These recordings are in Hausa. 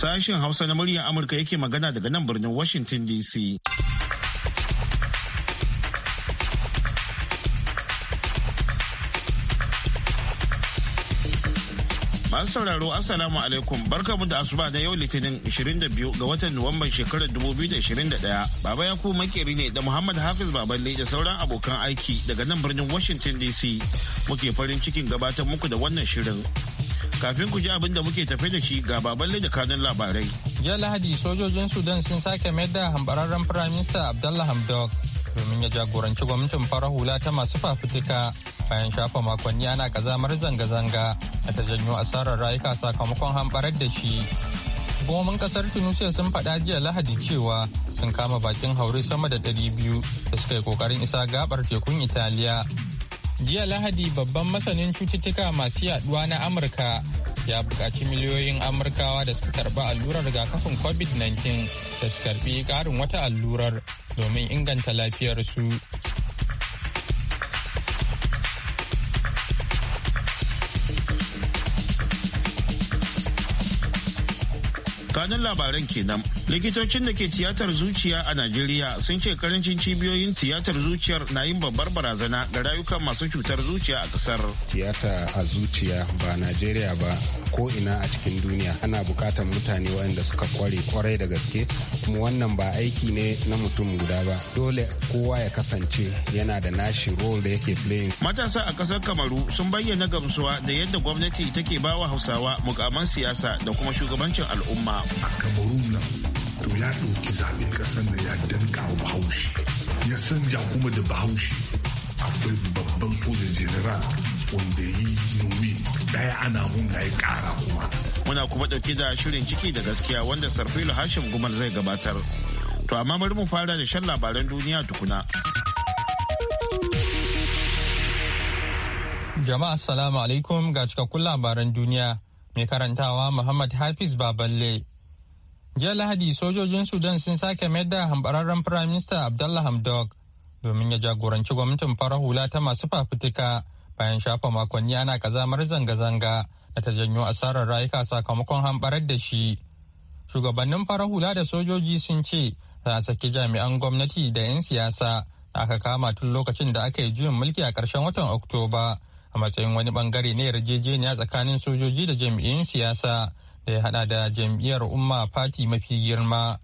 Sashen Hausa na muryar Amurka yake magana daga nan birnin Washington DC. Masu sauraro Assalamu alaikum barkamu da asuba na yau litinin 22 ga watan Nuwamban shekarar 2021. Baba ya ku makeri ne da Muhammad Hafiz Baballe da sauran abokan aiki daga nan birnin Washington DC. Muke farin cikin gabatar muku da wannan shirin. Kafin ku ji abin da muke tafe da shi ga baballe da kanun labarai. Jiya Lahadi sojojin Sudan sun sake mayar da hambararren Firaminista Abdullah Hamdok domin ya jagoranci gwamnatin farar hula ta masu fafutuka bayan shafa makonni ana kazamar zanga-zanga da ta janyo asarar rayuka sakamakon hambarar da shi. Hukumomin kasar Tunisia sun faɗa jiya Lahadi cewa sun kama bakin haure sama da 200 da suka yi ƙoƙarin isa gabar tekun Italiya jiya lahadi babban masanin cututtuka masu yaduwa na amurka ya buƙaci miliyoyin amurkawa da suka karɓi allurar ga kafin covid-19 da su karɓi ƙarin wata allurar domin inganta lafiyarsu kanin labaran kenan likitocin da ke tiyatar zuciya a najeriya sun ce karancin cibiyoyin tiyatar zuciyar na yin babbar barazana ga rayukan masu cutar zuciya a kasar tiyata a zuciya ba najeriya ba ko ina a cikin duniya ana bukatar mutane waɗanda suka kware kwarai da gaske kuma wannan ba aiki ne na mutum guda ba dole kowa ya kasance yana da nashi role da yake playing matasa a kasar kamaru sun bayyana gamsuwa da yadda gwamnati take bawa hausawa mukaman siyasa da kuma shugabancin al'umma a kamarun nan to ya ɗauki zaɓen ƙasar da ya danka wa bahaushe ya sanja kuma da bahaushe akwai babban soja general wanda yi nomi ɗaya ana hunga ya ƙara kuma muna kuma ɗauke da shirin ciki da gaskiya wanda sarfilu hashim Gumar zai gabatar to amma bari mu fara da shan labaran duniya tukuna jama'a assalamu alaikum ga cikakkun labaran duniya mai karantawa muhammad hafiz baballe jiya lahadi sojojin sudan sun sake mayar da hambararren firaminista abdallah hamdok domin ya jagoranci gwamnatin farar hula ta masu fafutuka bayan shafa makonni ana kazamar zanga-zanga da ta janyo asarar rayuka sakamakon hambarar da shi shugabannin farar hula da sojoji sun ce za a saki jami'an gwamnati da 'yan siyasa da aka kama tun lokacin da aka yi juyin mulki a ƙarshen watan oktoba a matsayin wani bangare na yarjejeniya tsakanin sojoji da jami'in siyasa da ya hada da jam'iyyar umma fati mafi girma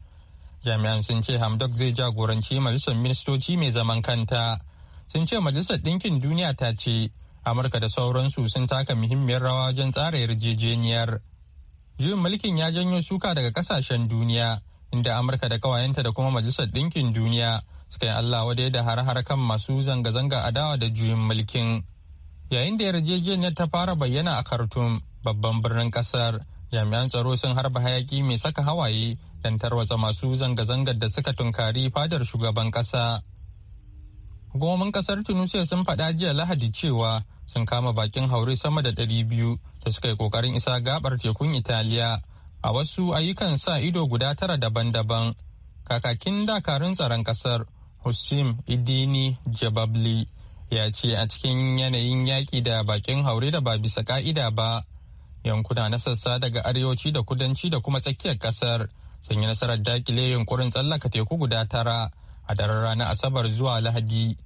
jami'an sun ce hamdok zai jagoranci majalisar ministoci mai zaman kanta sun ce majalisar ɗinkin duniya ta ce amurka da sauransu sun taka muhimmiyar rawa wajen tsara yarjejeniyar juyin mulkin ya janyo suka daga kasashen duniya inda amurka da kawayenta da kuma majalisar ɗinkin duniya suka yi allah wadai da har-har kan masu zanga-zanga adawa da juyin mulkin yayin da yarjejeniyar ta fara bayyana a khartoum babban birnin kasar jami'an tsaro sun harba hayaki mai saka hawaye don tarwatsa masu zanga-zangar da suka tunkari fadar shugaban kasa. Hukumomin ƙasar Tunisia sun faɗa jiya Lahadi cewa sun kama bakin haure sama da ɗari biyu da suka yi ƙoƙarin isa gabar tekun Italiya a wasu ayyukan sa ido guda tara daban-daban. Kakakin dakarun tsaron kasar Hussein Idini Jababli ya ce a cikin yanayin yaƙi da bakin haure da ba bisa ƙa'ida ba yankuna na sassa daga arewaci da kudanci da kuma tsakiyar kasar sun yi nasarar dakile yunkurin tsallaka teku guda tara a daren ranar asabar zuwa lahadi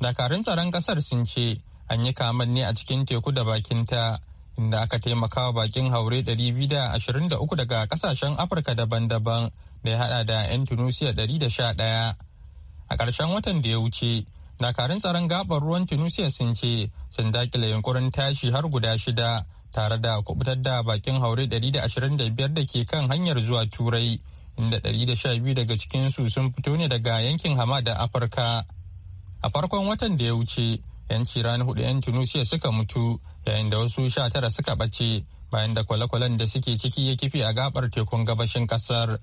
dakarun tsaron kasar sun ce an yi kaman ne a cikin teku da bakin ta inda aka taimaka wa bakin haure 223 daga kasashen afirka daban-daban da ya hada da 'yan tunisia 111 a ƙarshen watan da ya wuce dakarun tsaron gabar ruwan tunisia sun ce sun dakile yunkurin tashi har guda shida tare da kubutar da bakin haure 125 da ke kan hanyar zuwa turai inda 112 daga cikin su sun fito ne daga yankin hamada afirka a farkon watan da ya wuce 'yanci ranar hudu 'yan tunusiya suka mutu yayin da wasu 19 suka ɓace bayan da kwale-kwalen da suke ciki ya kife a gabar tekun gabashin kasar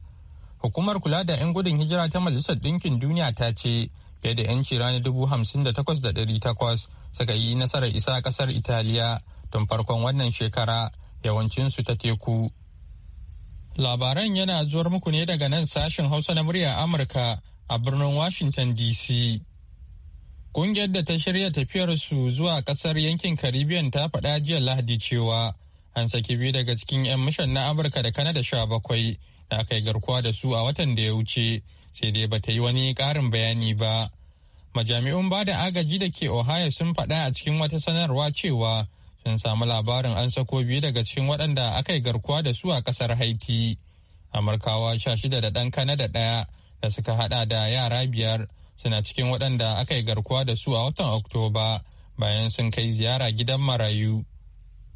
hukumar kula da 'yan gudun hijira ta majalisar ɗinkin duniya ta ce fiye da 'yanci ranar 58,800 suka yi nasarar isa kasar italiya tun farkon wannan shekara yawancin su ta teku. Labaran yana zuwar muku ne daga nan sashen Hausa na murya Amurka a birnin Washington DC. Kungiyar da ta shirya tafiyar su zuwa kasar yankin Caribbean ta faɗa jiya Lahadi cewa an saki biyu daga cikin 'yan mishan na Amurka da Kanada sha bakwai da aka yi garkuwa da su a watan da ya wuce sai dai bata yi wani ƙarin bayani ba. Majami'un ba da agaji da ke Ohio sun faɗa a cikin wata sanarwa cewa sun samu labarin an sako biyu daga cikin waɗanda aka yi garkuwa da su a ƙasar haiti amurkawa sha shida da ɗan kanada ɗaya da suka haɗa da yara biyar suna cikin waɗanda aka yi garkuwa da su a watan oktoba bayan sun kai ziyara gidan marayu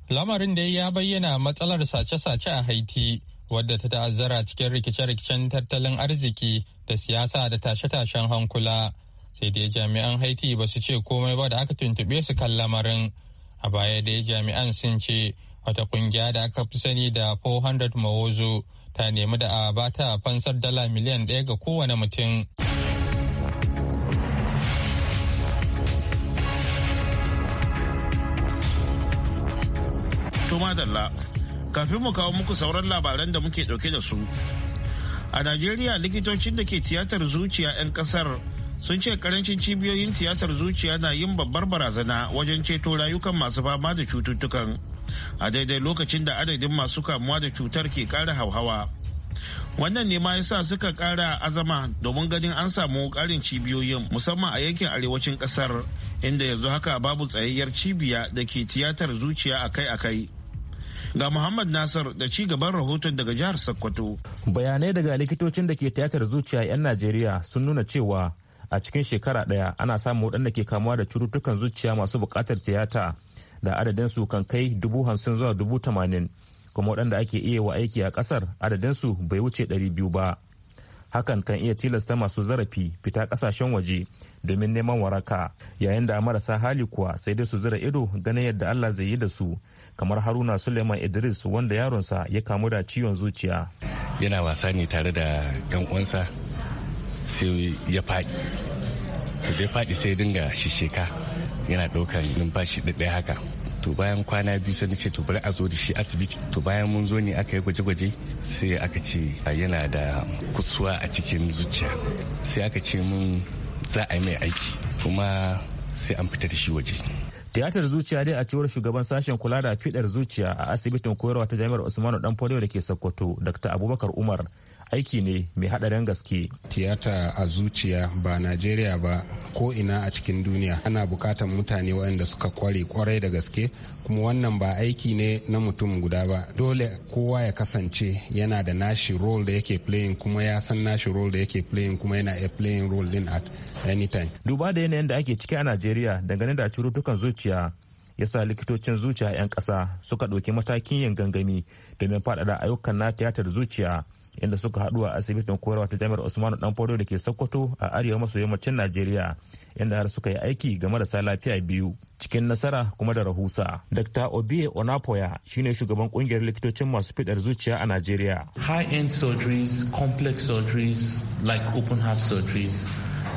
lamarin da ya bayyana matsalar sace-sace a haiti wadda ta ta'azzara cikin rikice-rikicen tattalin arziki da siyasa da tashe-tashen hankula sai dai jami'an haiti ba su ce komai ba da aka tuntuɓe su kan lamarin a baya dai jami'an sun ce wata kungiya da aka fi sani da 400 mawozo ta nemi da a ta fansar dala miliyan ɗaya ga kowane mutum kafin mu kawo muku sauran labaran da muke dauke da su a najeriya likitocin da ke tiyatar zuciya 'yan kasar sun ce karancin cibiyoyin tiyatar zuciya na yin babbar barazana wajen ceto rayukan masu fama da cututtukan a daidai lokacin da adadin masu kamuwa da cutar ke kara hauhawa wannan ne ma yasa suka kara azama domin ganin an samu karin cibiyoyin musamman a yankin arewacin kasar inda yanzu haka babu tsayayyar cibiya da ke tiyatar zuciya akai-akai ga Muhammad Nasar da ci gaban rahoton daga jihar Sokoto. Bayanai daga likitocin da ke tiyatar zuciya 'yan Najeriya sun nuna cewa a cikin shekara ɗaya ana samun waɗanda ke kamuwa da cututtukan zuciya masu buƙatar tiyata da adadinsu kan kai dubu hamsin zuwa dubu tamanin kuma waɗanda ake iya wa aiki a ƙasar adadin su bai wuce ɗari biyu ba hakan kan iya tilasta masu zarafi fita ƙasashen waje domin neman waraka yayin da marasa hali kuwa sai dai su zira ido ganin yadda allah zai yi da su kamar haruna suleiman idris wanda yaronsa ya kamu da ciwon zuciya yana wasa ne tare da 'yan uwansa sai ya faɗi da ya faɗi sai dinga shisheka yana ɗaukar numfashi ɗaya haka to bayan kwana biyu sai ce to bari a zo da shi asibiti to bayan mun zo ne aka yi gwaje-gwaje sai aka ce yana da kusuwa a cikin zuciya sai aka ce mun za a yi mai aiki kuma sai an fita da shi waje tiyatar zuciya dai a cewar shugaban sashen kula da fidar zuciya a asibitin koyarwa ta jami'ar usmanu dan da ke sokoto dr abubakar umar aiki ne mai haɗarin gaske. Tiyata a zuciya ba Najeriya ba ko ina a cikin duniya ana bukatar mutane waɗanda suka kware kwarai da gaske kuma wannan ba aiki ne na mutum guda ba dole kowa ya kasance yana da nashi role da yake playing kuma ya san nashi role da yake playing kuma yana a playing role din at any time. Duba da yanayin da ake ciki a Najeriya dangane da cututtukan zuciya yasa likitocin zuciya 'yan ƙasa suka ɗauki matakin yin gangami domin faɗaɗa ayyukan na tiyatar zuciya inda suka haɗu a asibitin koyarwa ta jami'ar dan danfodo da ke sokoto a arewa maso yammacin najeriya inda har suka yi aiki ga marasa lafiya biyu cikin nasara kuma da rahusa dr obie onapoya shine shugaban kungiyar likitocin masu fidar zuciya a najeriya high end surgeries complex surgeries like open heart surgeries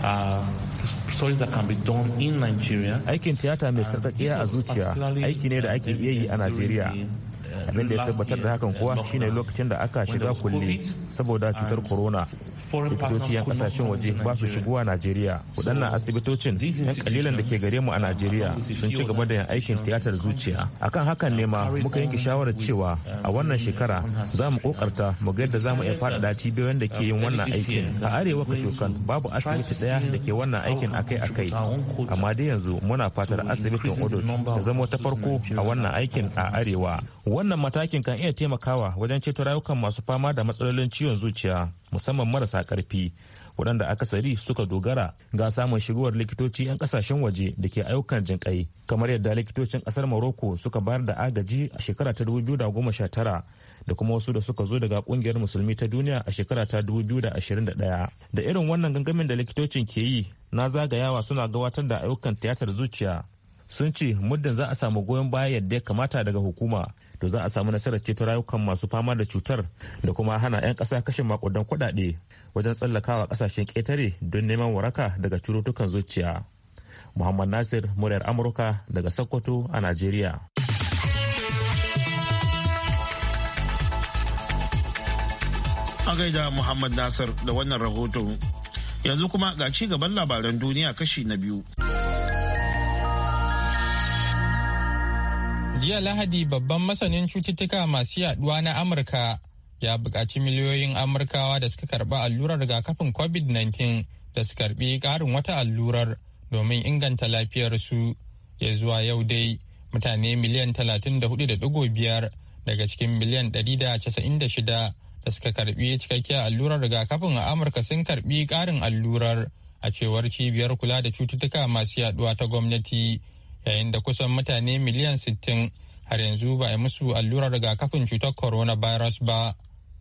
uh, aikin tiyata mai sarƙaƙiya a zuciya aiki ne da ake iya yi a najeriya abin da ya tabbatar da hakan kuwa shine lokacin da aka shiga kulle saboda cutar corona likitoci kasashen waje ba su shigowa najeriya waɗannan asibitocin yan kalilan da ke gare mu a najeriya sun ci gaba da yin aikin tiyatar zuciya akan hakan ne ma muka yanke shawarar cewa um, a wannan shekara za mu kokarta um, mu ga yadda za mu iya faɗaɗa cibiyoyin da ke yin uh, wannan aikin a arewa kacokan babu asibiti ɗaya da ke wannan aikin akai-akai amma dai yanzu muna fatar asibitin odot da zama ta farko a wannan aikin a arewa wannan matakin kan iya taimakawa wajen ceto rayukan masu fama da matsalolin ciwon zuciya musamman marasa karfi waɗanda akasari suka dogara ga samun shigowar likitoci 'yan ƙasashen waje da ke ayyukan jinƙai kamar yadda likitocin ƙasar morocco suka bayar da agaji a shekara ta 2019 da kuma wasu da suka zo daga ƙungiyar musulmi ta duniya a shekara ta 2021 da irin wannan gangamin da likitocin ke yi na zagayawa suna gabatar da ayyukan tiyatar zuciya sun ce muddin za a samu goyon baya yadda ya kamata daga hukuma to za a samu nasarar ceto rayukan masu fama da cutar da kuma hana 'yan ƙasa kashe makudan kuɗaɗe wajen tsallakawa ƙasashen ƙetare don neman waraka daga cututtukan zuciya. Muhammad Nasir, muryar Amurka daga Sokoto a Najeriya. A gaida Muhammad Nasir da wannan rahoton. Yanzu kuma ga ci gaban labaran duniya kashi na biyu. jiya lahadi babban masanin cututtuka masu yaduwa na amurka ya buƙaci miliyoyin amurkawa da suka karɓi allurar rigakafin covid-19 da su karɓi ƙarin wata allurar domin inganta lafiyarsu ya zuwa yau dai mutane miliyan 34.5 daga cikin miliyan 196 da suka karɓi cikakkiyar allurar rigakafin a amurka sun karɓi ƙarin allurar a cewar cibiyar kula da cututtuka masu yaduwa ta gwamnati yayin da kusan mutane miliyan 60 har yanzu ba a musu allurar rigakafin cutar coronavirus ba.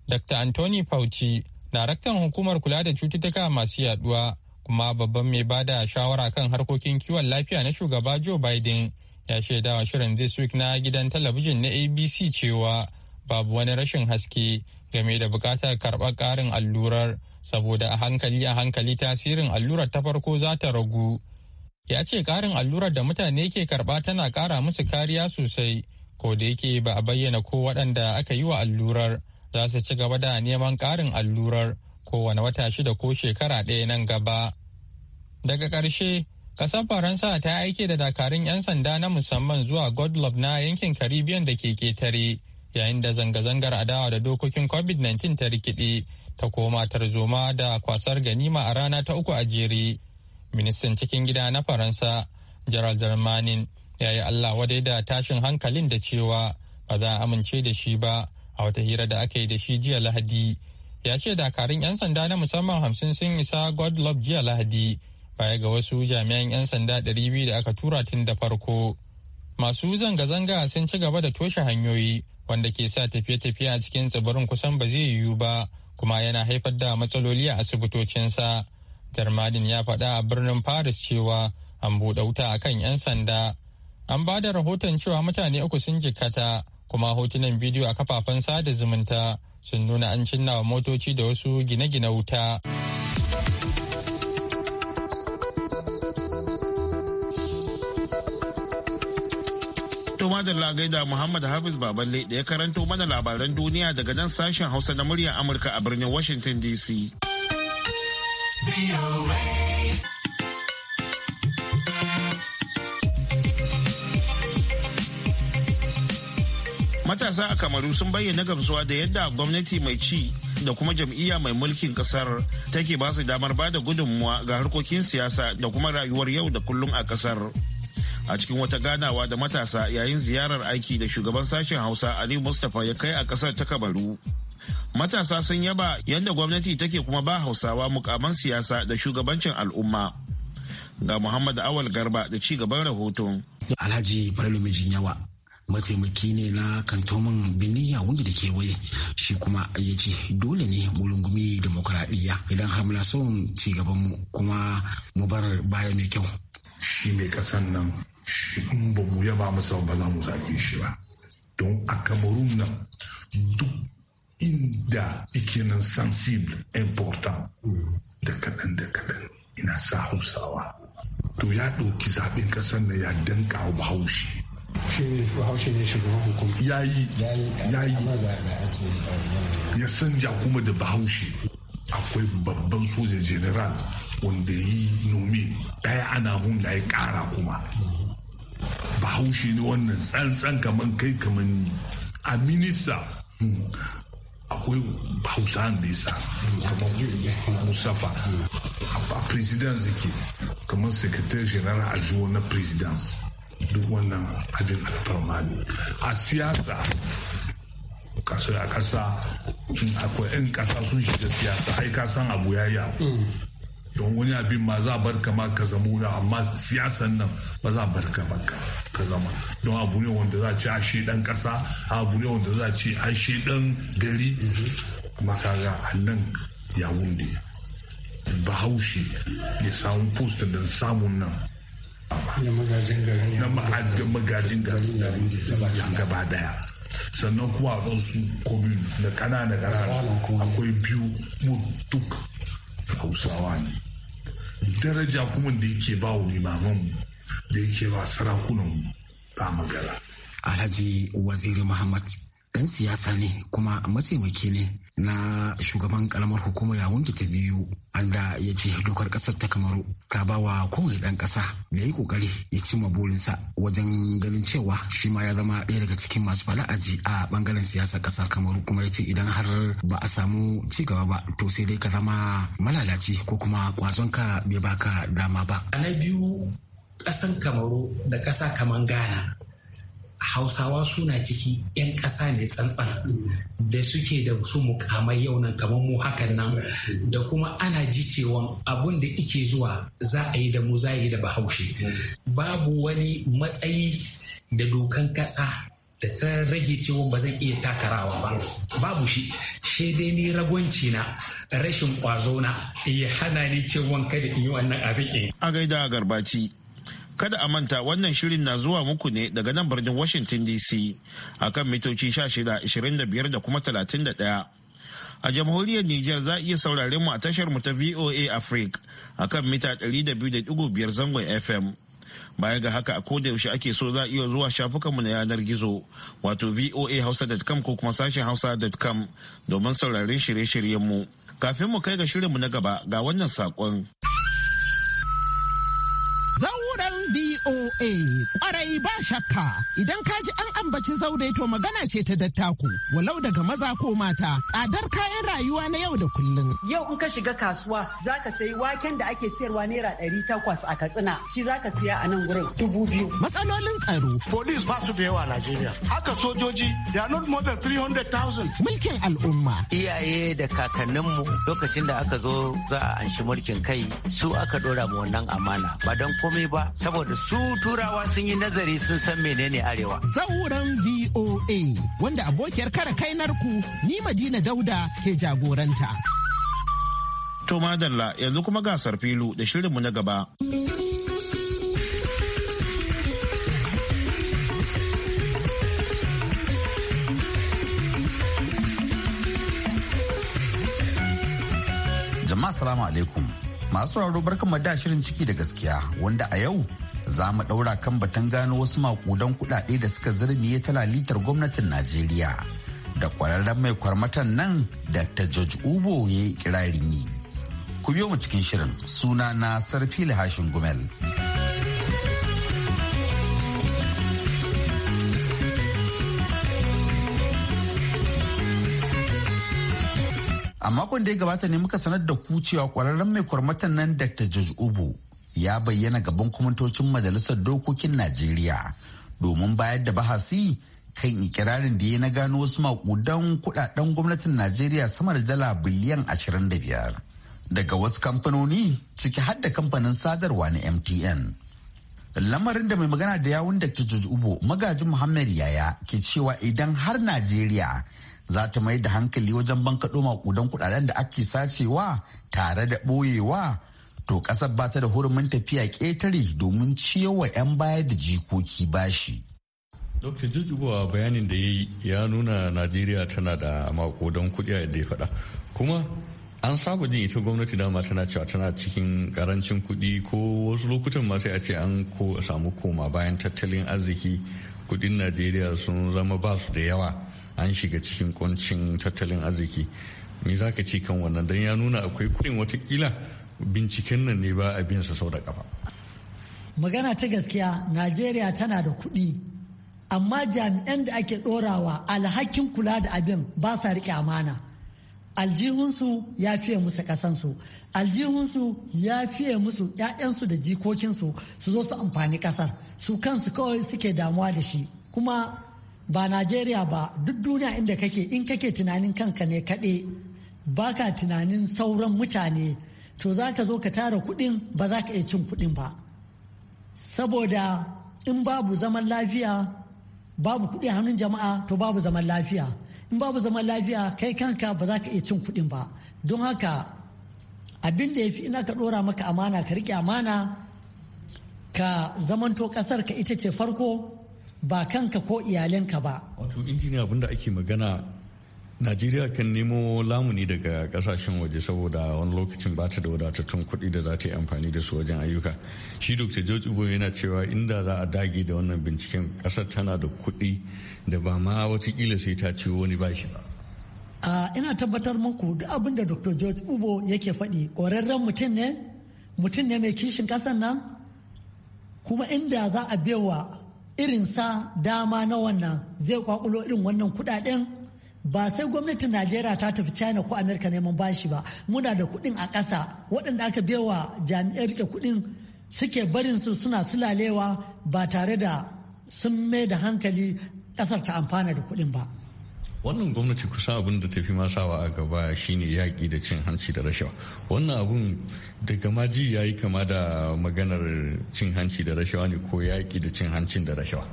Dr. Anthony Fauci, daraktan hukumar kula da cututtuka masu yaduwa kuma babban mai bada shawara kan harkokin kiwon lafiya na shugaba Joe Biden ya shaidawa shirin This Week na gidan talabijin na ABC cewa babu wani rashin haske game da bukatar karɓar ƙarin allurar saboda a hankali a hankali tasirin allurar ta farko za ta ragu ya ce ƙarin allurar da mutane ke karɓa tana ƙara musu kariya sosai ko da yake ba a bayyana ko waɗanda aka yi wa allurar za su ci gaba da neman ƙarin allurar kowane wata shida ko shekara ɗaya nan gaba daga ƙarshe ƙasar faransa ta aike da dakarun 'yan sanda na musamman zuwa godlob na yankin caribbean da ke ketare yayin da zanga-zangar adawa da dokokin covid-19 ta rikide ta koma tarzoma da kwasar ganima a rana ta uku a jere ministan cikin gida na faransa gerald darmanin ya yi allah wadai da tashin hankalin da cewa ba za a amince da shi ba a wata hira da aka yi da shi jiya lahadi ya ce dakarun 'yan sanda na musamman hamsin sun isa godlob jiya lahadi baya ga wasu jami'an 'yan sanda 200 da aka tura tun da farko masu zanga-zanga sun ci gaba da toshe hanyoyi wanda ke sa tafiye-tafiye a cikin tsibirin kusan ba zai yiwu ba kuma yana haifar da matsaloli a asibitocinsa. Jarmadin ya faɗa a birnin Paris cewa an buɗe wuta a kan 'yan sanda. An ba da rahoton cewa mutane uku sun jikkata kuma hotunan bidiyo a kafafen sada zumunta sun nuna an cinna wa motoci da wasu gine-gine wuta. madalla gaida Muhammad Hafiz Baballe da ya karanto mana labaran duniya daga nan sashen Hausa na murya Amurka a birnin Washington DC. matasa a kamaru sun bayyana gamsuwa da yadda gwamnati mai ci da kuma jam'iyya mai mulkin kasar take ba su damar ba da gudunmuwa ga harkokin siyasa da kuma rayuwar yau da kullum a kasar a cikin wata ganawa da matasa yayin ziyarar aiki da shugaban sashen hausa ali mustapha ya kai a kasar ta kamaru matasa sun yaba yadda gwamnati take kuma ba hausawa mukaman siyasa da shugabancin al'umma ga muhammad awal garba da ci gaban rahoton alhaji falalu mijin yawa mataimaki ne na kantomin biniya wanda da kewaye shi kuma ya ce dole ne mu rungumi demokuraɗiyya idan har son ci gaban mu kuma mu bar baya mai kyau shi mai kasan nan shi in ba mu yaba masa ba za mu zage shi ba don a kamarun nan duk inda nan sensible important da kaɗan da kaɗan ina sa hausawa to ya ɗauki zaɓen ƙasar na ya danka wa bahaushe bahaushe ne shugaban ya yi ya yi ya sanja kuma da bahaushe akwai babban soja general wanda yi nomi ɗaya ana hun ya ƙara kuma bahaushe ne wannan tsantsan kaman kai kaman a minista hmm, akwai hausa da kamar musafa a presidence ke kamar secretary general a na presidence duk wannan abin alfarma a siyasa kasar a kasa akwai 'yan kasa sun shiga siyasa ai ka san abu ya yi don wani abin ma za a bar kama ka zamuna amma siyasan nan ba za a bar ka suka zama don abu ne wanda za a ce ashe dan kasa abu ne wanda za a ce ashe dan gari makaga a nan ya wunde bahaushe ya samu postin da samun nan na magajin garin garin gaba daya sannan kuma a su komin na kanana ƙanana akwai biyu mu duk hausawa ne daraja kuma da yake ba limaman mu da yake ba sarakunan ba magana. Alhaji Waziri Muhammad ɗan siyasa ne kuma mataimaki ne na shugaban karamar hukumar yawunta ta biyu anda ya ce dokar ƙasar ta kamaru ta ba wa kowane ɗan ƙasa da yi ƙoƙari ya cimma burinsa wajen ganin cewa shi ma ya zama ɗaya daga cikin masu fala'aji a ɓangaren siyasar ƙasar kamaru kuma ya ce idan har ba a samu ci gaba ba to sai dai ka zama malalaci ko kuma ƙwazon ka bai baka dama ba. na biyu ƙasan kamaru da ƙasa kamar ghana hausawa suna ciki 'yan ƙasa ne tsantsan da suke da su mukamai yau nan kamar mu hakan nan da kuma ana ji cewa abun da ike zuwa za a yi da mu za a yi da bahaushe babu wani matsayi da dokan ƙasa da ta rage cewa ba zan iya takarawa ba babu shi shi dai ni ragwanci na rashin ƙwazo na ya hana ni cewa kada in yi wannan abin a gaida garbaci Kada a manta wannan shirin na zuwa muku ne daga nan birnin Washington DC a kan mitoci 16.25 da kuma 31. a jamhuriyar Nijar za a iya saurare mu a tashar mu ta VOA Africa a kan mita 200.5 zangon FM. Baya ga haka a koda yaushe ake so za a iya zuwa shafukanmu na yanar gizo wato voa voahausa.com ko kuma sashen hausa.com domin sauraren shirye-shiryenmu. Kafin mu kai ga shirinmu na gaba ga wannan saƙon. VOA. Ƙwarai ba shakka idan ka ji an ambaci zaure to magana ce ta dattako walau daga maza ko mata tsadar kayan rayuwa na yau da kullun. Yau in ka shiga kasuwa za ka sayi waken da ake sayarwa naira ɗari takwas a Katsina shi za ka siya a nan gurin dubu biyu. Matsalolin tsaro. Police ba su da yawa a Najeriya. Haka sojoji they are not more than 300,000. Mulkin al'umma. Iyaye da kakanninmu lokacin da aka zo za a anshi mulkin kai su aka ɗora mu wannan amana ba don komai ba saboda su turawa sun yi nazari sun san menene arewa. Zauren VOA wanda abokiyar kara kai narku ni Madina Dauda ke jagoranta. To madalla yanzu kuma gasar filu da shirinmu na gaba. Jama'a salamu alaikum. Masu sauraro barkan da shirin ciki da gaskiya wanda a yau za mu ɗaura kan batun gano wasu makudan kuɗaɗe da suka zirmiye ta lalitar gwamnatin Najeriya. Da kwararren mai kwarmatan nan da ta George Ubo ya yi kirarin yi. Ku biyo mu cikin shirin suna na Sarfi Hashin Gumel. A makon da ya gabata ne muka sanar da ku cewa kwararren mai kwarmatan nan Dr. George Ubo ya bayyana gaban kwamitocin majalisar dokokin najeriya domin bayar da bahasi kan ikirarin da ya na gano wasu makudan kudaden gwamnatin najeriya sama da dala biliyan 25 daga wasu kamfanoni ciki har kamfanin sadarwa na mtn lamarin da mai magana da yawun da George Ubo magajin Muhammad Yaya ke cewa idan har Najeriya za ta mai da hankali wajen bankaɗo makudan kudaden da ake sacewa tare da ɓoyewa to ƙasar ba ta da hurumin tafiya ƙetare domin ciyowa 'yan baya da jikoki bashi. Dr. Jujjubawa bayanin da ya nuna Najeriya tana da mako don kuɗi a yadda ya faɗa. Kuma an saba jin ita gwamnati dama tana cewa tana cikin karancin kuɗi ko wasu lokutan ma sai a ce an samu koma bayan tattalin arziki kuɗin najeriya sun zama ba su da yawa an shiga cikin kuncin tattalin arziki me za ka ce kan wannan don ya nuna akwai kuɗin watakila binciken nan ne ba a bin sa sau da kafa magana ta gaskiya najeriya tana da kuɗi amma jami'an da ake ɗorawa alhakin kula da abin ba sa riƙe amana aljihunsu ya fiye musu ƙasansu aljihunsu ya fiye musu 'ya'yansu da jikokinsu su zo su amfani ƙasar su kansu kawai suke damuwa da shi kuma ba najeriya ba duk duniya inda kake in kake tunanin kanka ne kaɗe baka tunanin sauran mutane to za ka zo ka tara kuɗin ba za ka iya cin kuɗin ba saboda in babu zaman lafiya babu kuɗi hannun jama'a to babu zaman lafiya in babu zaman lafiya kai kanka ba za ka iya cin kuɗin ba don haka abin da ya fi ina ka ɗora maka amana ka rike amana ka zamanto ƙasar ka ita ce farko ba kanka ko iyalinka ba wato injiniya abinda ake magana najeriya kan nemo lamuni daga kasashen waje saboda wani lokacin ba ta da wadatattun kuɗi da za ta yi amfani da su wajen ayyuka shi dr george ugo yana cewa inda za a dage da wannan binciken kasar tana da kuɗi da ba ma watakila sai ta ciwo wani shi ba ina tabbatar muku duk abin da dr george ubo yake faɗi ƙwararren mutum ne mutum ne mai kishin ƙasar nan kuma inda za a bewa irinsa dama na wannan zai kwakulo irin wannan kuɗaɗen ba sai gwamnatin najeriya ta tafi china ko amerika neman bashi ba muna da kuɗin a ƙasa waɗanda aka bewa jami'ai rike kuɗi suke barin su suna sulalewa ba tare da sun mai da hankali ƙasar ta amfana da kuɗin ba wannan gwamnati kusa abin da tafi masawa a gaba shine yaƙi da cin hanci da rashawa wannan abun daga maji ya yi kama da maganar cin hanci da rashawa ne ko yaƙi da cin hancin da rashawa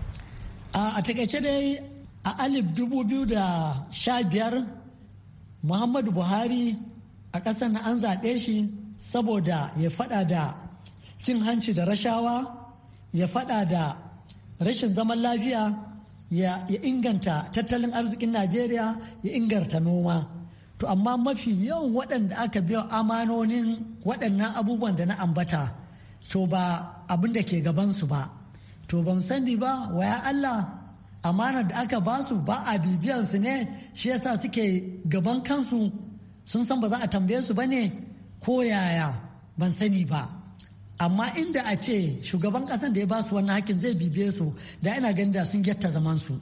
a takaice dai a alif dubu biyu da sha biyar muhammadu buhari a ƙasar na an zaɓe shi saboda ya faɗa da cin hanci da rashawa ya faɗa da rashin zaman lafiya ya inganta tattalin arzikin najeriya ya inganta noma to amma mafi yawan waɗanda aka biya amanonin waɗannan abubuwan da na ambata to ba abin da ke gabansu ba to ban sani ba waya allah amanar da aka ba su ba a bibiyan su ne shi yasa suke gaban kansu sun san ba za a tambaye su ba ne ko yaya ban sani ba amma inda a ce shugaban kasan da ya ba su wannan hakin zai bibiye su da ina gani da sun gyatta zaman su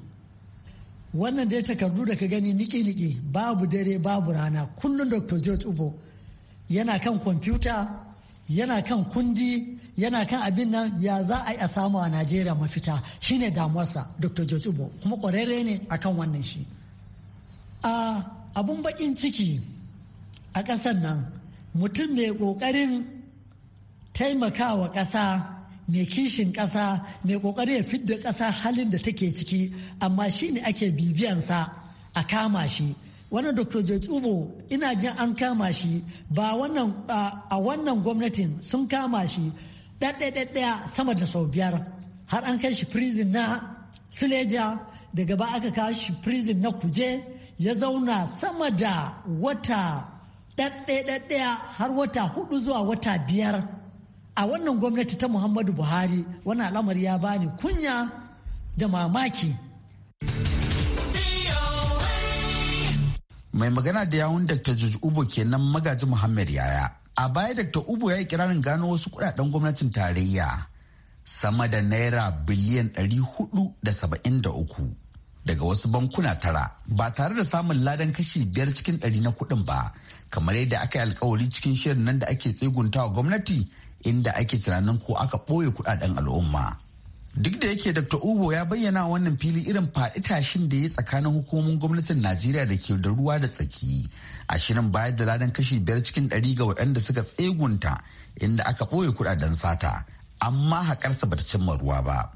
wannan dai takardu da ka gani niki-niki babu dare babu rana kullum dr george ubo yana kan kwamfuta yana kan kundi yana kan abin nan ya za a yi a samu a najeriya mafita shine damuwarsa dr Ubo kuma ƙwararre ne a kan wannan shi a abun bakin ciki a ƙasar nan mutum mai ƙoƙarin taimakawa ƙasa mai kishin ƙasa mai ƙoƙari ya fidda ƙasa halin da take ciki amma shi ne ake bibiyansa a kama shi wannan dr ubo ina jin an kama shi ba a wannan gwamnatin sun kama shi ɗaɗɗaya sama da sau biyar har an kai shi prison na suleja daga ba aka kawo shi prison na kuje ya zauna sama da wata ɗaɗɗaya har wata hudu zuwa wata biyar a wannan gwamnati ta muhammadu buhari wani al'amari ya bani kunya da mamaki mai magana da yawun dr george ubo kenan magaji muhammad yaya a baya dr ubu ya yi kirarin gano wasu kudaden gwamnatin tarayya sama da naira biliyan 473 daga wasu bankuna tara ba tare da samun ladan kashi biyar cikin ɗari na kuɗin ba kamar yadda aka yi alkawari cikin shirin nan da ake tsegunta wa gwamnati inda ake tunanin ko aka ɓoye kuɗaɗen al'umma duk da yake dr ugo ya bayyana wannan fili irin faɗi tashin da ya tsakanin hukumomin gwamnatin najeriya da ke da ruwa da tsaki a shirin bayar da ladan kashi biyar cikin ɗari ga waɗanda suka tsegunta inda aka ɓoye kuɗaɗen sata amma haƙarsa bata cimma ruwa ba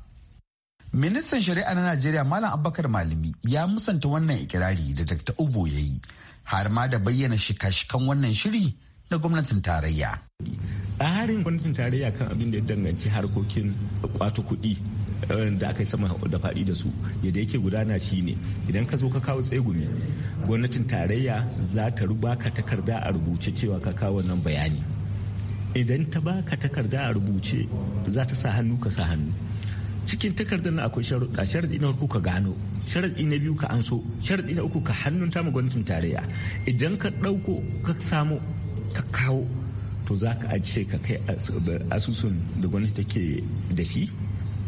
ministan shari'a na najeriya malam abubakar malami ya musanta wannan ikirari da dr ugo ya yi har ma da bayyana shika-shikan wannan shiri da gwamnatin tarayya. Tsarin gwamnatin tarayya kan abin da ya danganci harkokin kwato kuɗi eh, da aka yi sama da faɗi da su yadda yake gudana shi ne idan ka zo ka kawo tsegumi gwamnatin tarayya za ta rubaka takarda a rubuce cewa ka kawo wannan bayani idan ta baka takarda a rubuce za ta sa hannu ka sa hannu cikin takardar na akwai sharuɗa sharaɗi na farko ka gano sharaɗi na biyu ka anso sharaɗi na uku ka hannun ta ma gwamnatin tarayya idan ka ɗauko ka samo ka kawo to za ka ajiye ka kai asusun da gwamnati take da shi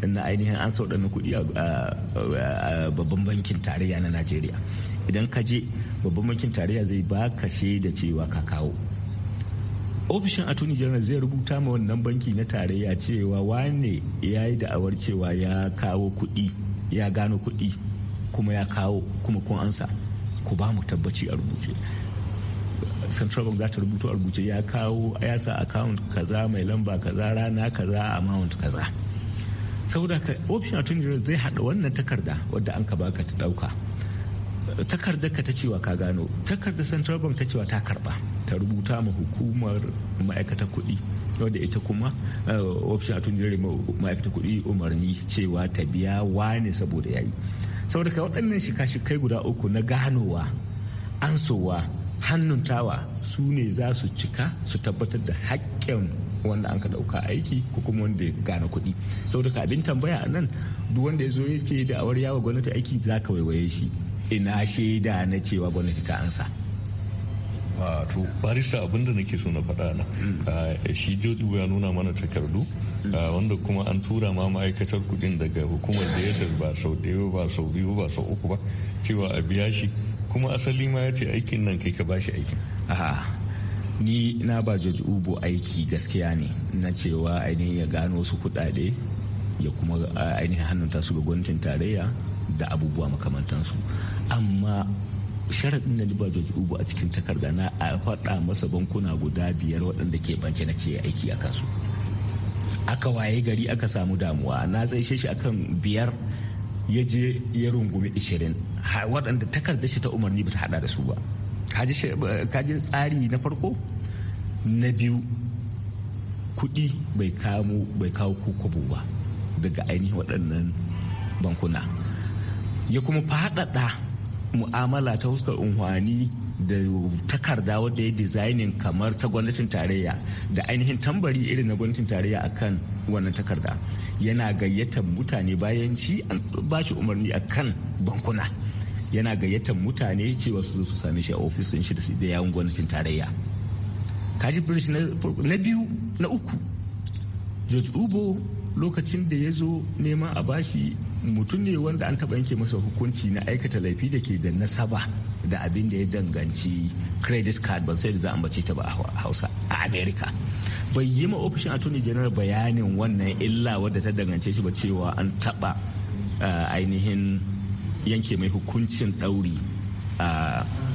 na ainihin an sau na kuɗi a babban bankin tarayya na najeriya idan ka je babban bankin tarayya zai ba ka da cewa ka kawo ofishin attorney general zai rubuta ma wannan banki na tarayya cewa wane ya yi da'awar cewa ya kawo kuɗi ya gano kuɗi kuma ya kawo kuma kun ansa ku ba mu tabbaci a rubuce central bank za ta rubuto a rubuce ya kawo ya sa account kaza mai lamba kaza rana kaza amount kaza saboda ka option attorney general zai hada wannan takarda wadda an ka baka ta dauka takarda ka ta cewa ka gano takarda central bank ta cewa ta karba ta rubuta ma hukumar ma'aikata kuɗi wadda ita kuma eh, option attorney general ma'aikata kuɗi umarni cewa ta biya wani saboda yayi saboda ka waɗannan shika-shikai guda uku na ganowa ansowa hannun tawa su ne za su cika su tabbatar da haƙƙin wanda an ka ɗauka aiki ko kuma wanda ya gane kuɗi saboda abin tambaya a nan duk wanda ya zo yake da awar yawa gwamnati aiki za ka waiwaye shi ina shaida na cewa gwamnati ta ansa wato barista abinda nake so na faɗa na mm. ah, shi jodi ya nuna mana takardu mm. ah, wanda kuma an tura ma ma'aikatar kuɗin daga hukumar da ya ba sau ɗaya ba sau biyu ba sau uku ba cewa a biya shi kuma asali ma ya ce aikin nan kai ka bashi aikin aha ni na ba George Ubo aiki gaskiya ne na cewa ainihin ya gano wasu kuɗaɗe ya kuma ainihin hannunta su ga gwamnatin tarayya da abubuwa makamantansu amma sharaɗin da ba George Ubo a cikin takarda na a faɗa masa bankuna guda biyar waɗanda ke bance na ce aiki a kansu aka waye gari aka samu damuwa na tsaishe shi akan biyar ya je ya rungumi ishirin waɗanda takardar shi ta umarni ba ta hada da su ba kaji tsari na farko na biyu kuɗi bai kamo bai kawo kokobo ba daga ainihin waɗannan bankuna ya kuma faɗaɗa mu'amala ta huskar unhwani da takarda wadda ya dizainin kamar ta gwamnatin tarayya da ainihin tambari irin na gwamnatin tarayya akan wannan takarda yana gayyata mutane bayan shi an ba shi umarni akan bankuna yana gayyatar mutane cewa su zo su same shi a ofisin shi da yawon gwamnatin tarayya kaji british na biyu na uku george ubo lokacin da ya zo neman a bashi mutum ne wanda an taba yanke masa hukunci na aikata laifi da ke da nasaba da abin da ya danganci credit card ban sai da za a ambace ta ba a hausa a america bai yi ma ofishin attorney general bayanin wannan illa wadda ta dangance shi ba cewa an taɓa eh, ainihin yanke mai hukuncin ɗauri a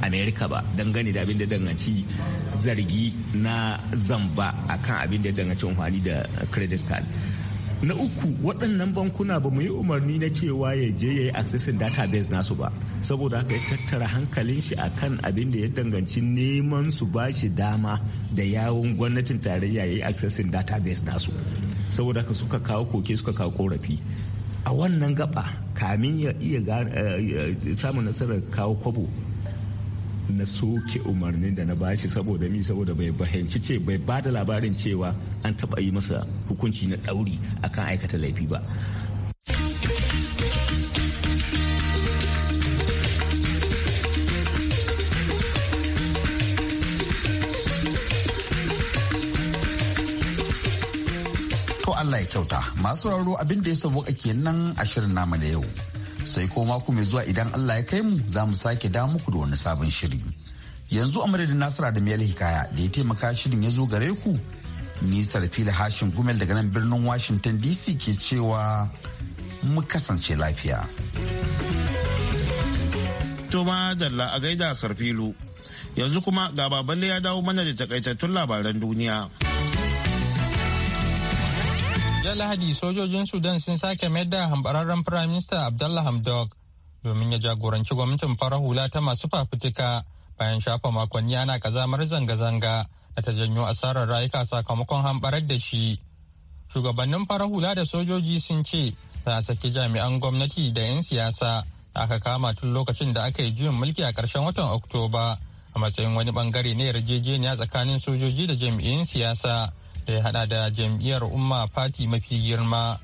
amerika ba dangane da abin da danganci zargi na zamba a kan abin da danganci amfani da credit card na uku waɗannan bankuna ba mu yi umarni na cewa ya je ya yi accessin database nasu ba saboda haka ya tattara hankalin shi akan abin da ya danganci neman su ba shi dama da yawon gwamnatin tarayya ya yi accessin database nasu saboda haka suka kawo koke suka kawo korafi a wannan gaba kamin ya iya eh, samun nasarar kawo kwabo na soke umarnin da na bashi saboda mi saboda bai fahimci ce bai ba da labarin cewa an taba yi masa hukunci na dauri akan aikata laifi ba Allah ya kyauta masu sauraro abin da ya sauwaka kenan a shirin namu na yau sai ko mako mai zuwa idan Allah ya kai mu za mu sake da muku da wani sabon shiri yanzu a da nasara da Miyal Hikaya da ya taimaka shirin ya zo gare ku nisar fili hashin gumel daga nan birnin Washington DC ke cewa mu kasance lafiya. Toma Dalla a gaida Sarfilu. Yanzu kuma ga baballe ya dawo mana da takaitattun labaran duniya. jiya lahadi sojojin sudan sun sake mayar da hambararren firaminista abdallah hamdok domin ya jagoranci gwamnatin farar hula ta masu fafutuka bayan shafa makonni ana kazamar zanga-zanga da ta janyo asarar rayuka sakamakon hambarar da shi shugabannin farar hula da sojoji sun ce za a saki jami'an gwamnati da 'yan siyasa aka kama tun lokacin da aka yi juyin mulki a ƙarshen watan oktoba a matsayin wani bangare na yarjejeniya tsakanin sojoji da jami'in siyasa da ya hada da jam'iyyar umma fati mafi girma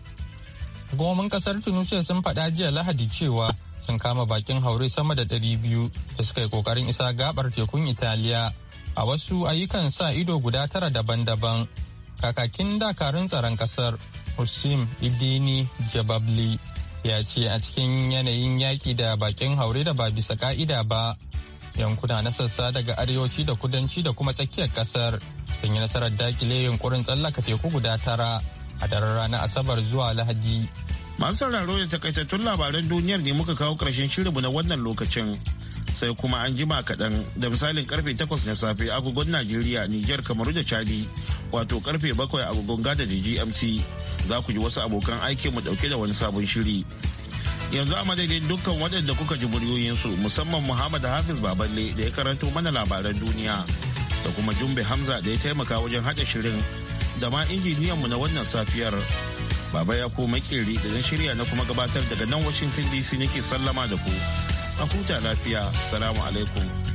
hukumomin kasar tunisia sun faɗa jiya lahadi cewa sun kama bakin haure sama da 200 da suka yi kokarin isa gabar tekun italiya a wasu ayyukan sa ido guda tara daban-daban kakakin dakarun tsaron kasar hussein idini jababli ya ce a cikin yanayin yaƙi da bakin haure da ba bisa ka'ida ba yankuna na sassa daga arewaci da kudanci da kuma tsakiyar kasar sun yi nasarar dakile yunkurin tsallaka teku guda tara a daren ranar asabar zuwa lahadi masu sauraro da takaitattun labaran duniyar ne muka kawo karshen shirinmu na wannan lokacin sai kuma an jima kaɗan da misalin karfe takwas na safe agogon najeriya niger kamaru da chadi wato karfe bakwai agogon gada da gmt za ku ji wasu abokan aikin mu dauke da wani sabon shiri yanzu a madadin dukkan waɗanda kuka ji muryoyinsu musamman muhammad hafiz baballe da ya karanto mana labaran duniya da kuma jumbe hamza da ya taimaka wajen haɗa shirin da ma injiniyanmu na wannan safiyar baba ya koma makeri da na shirya na kuma gabatar daga nan washington dc nake sallama da ku a huta lafiya salamu alaikum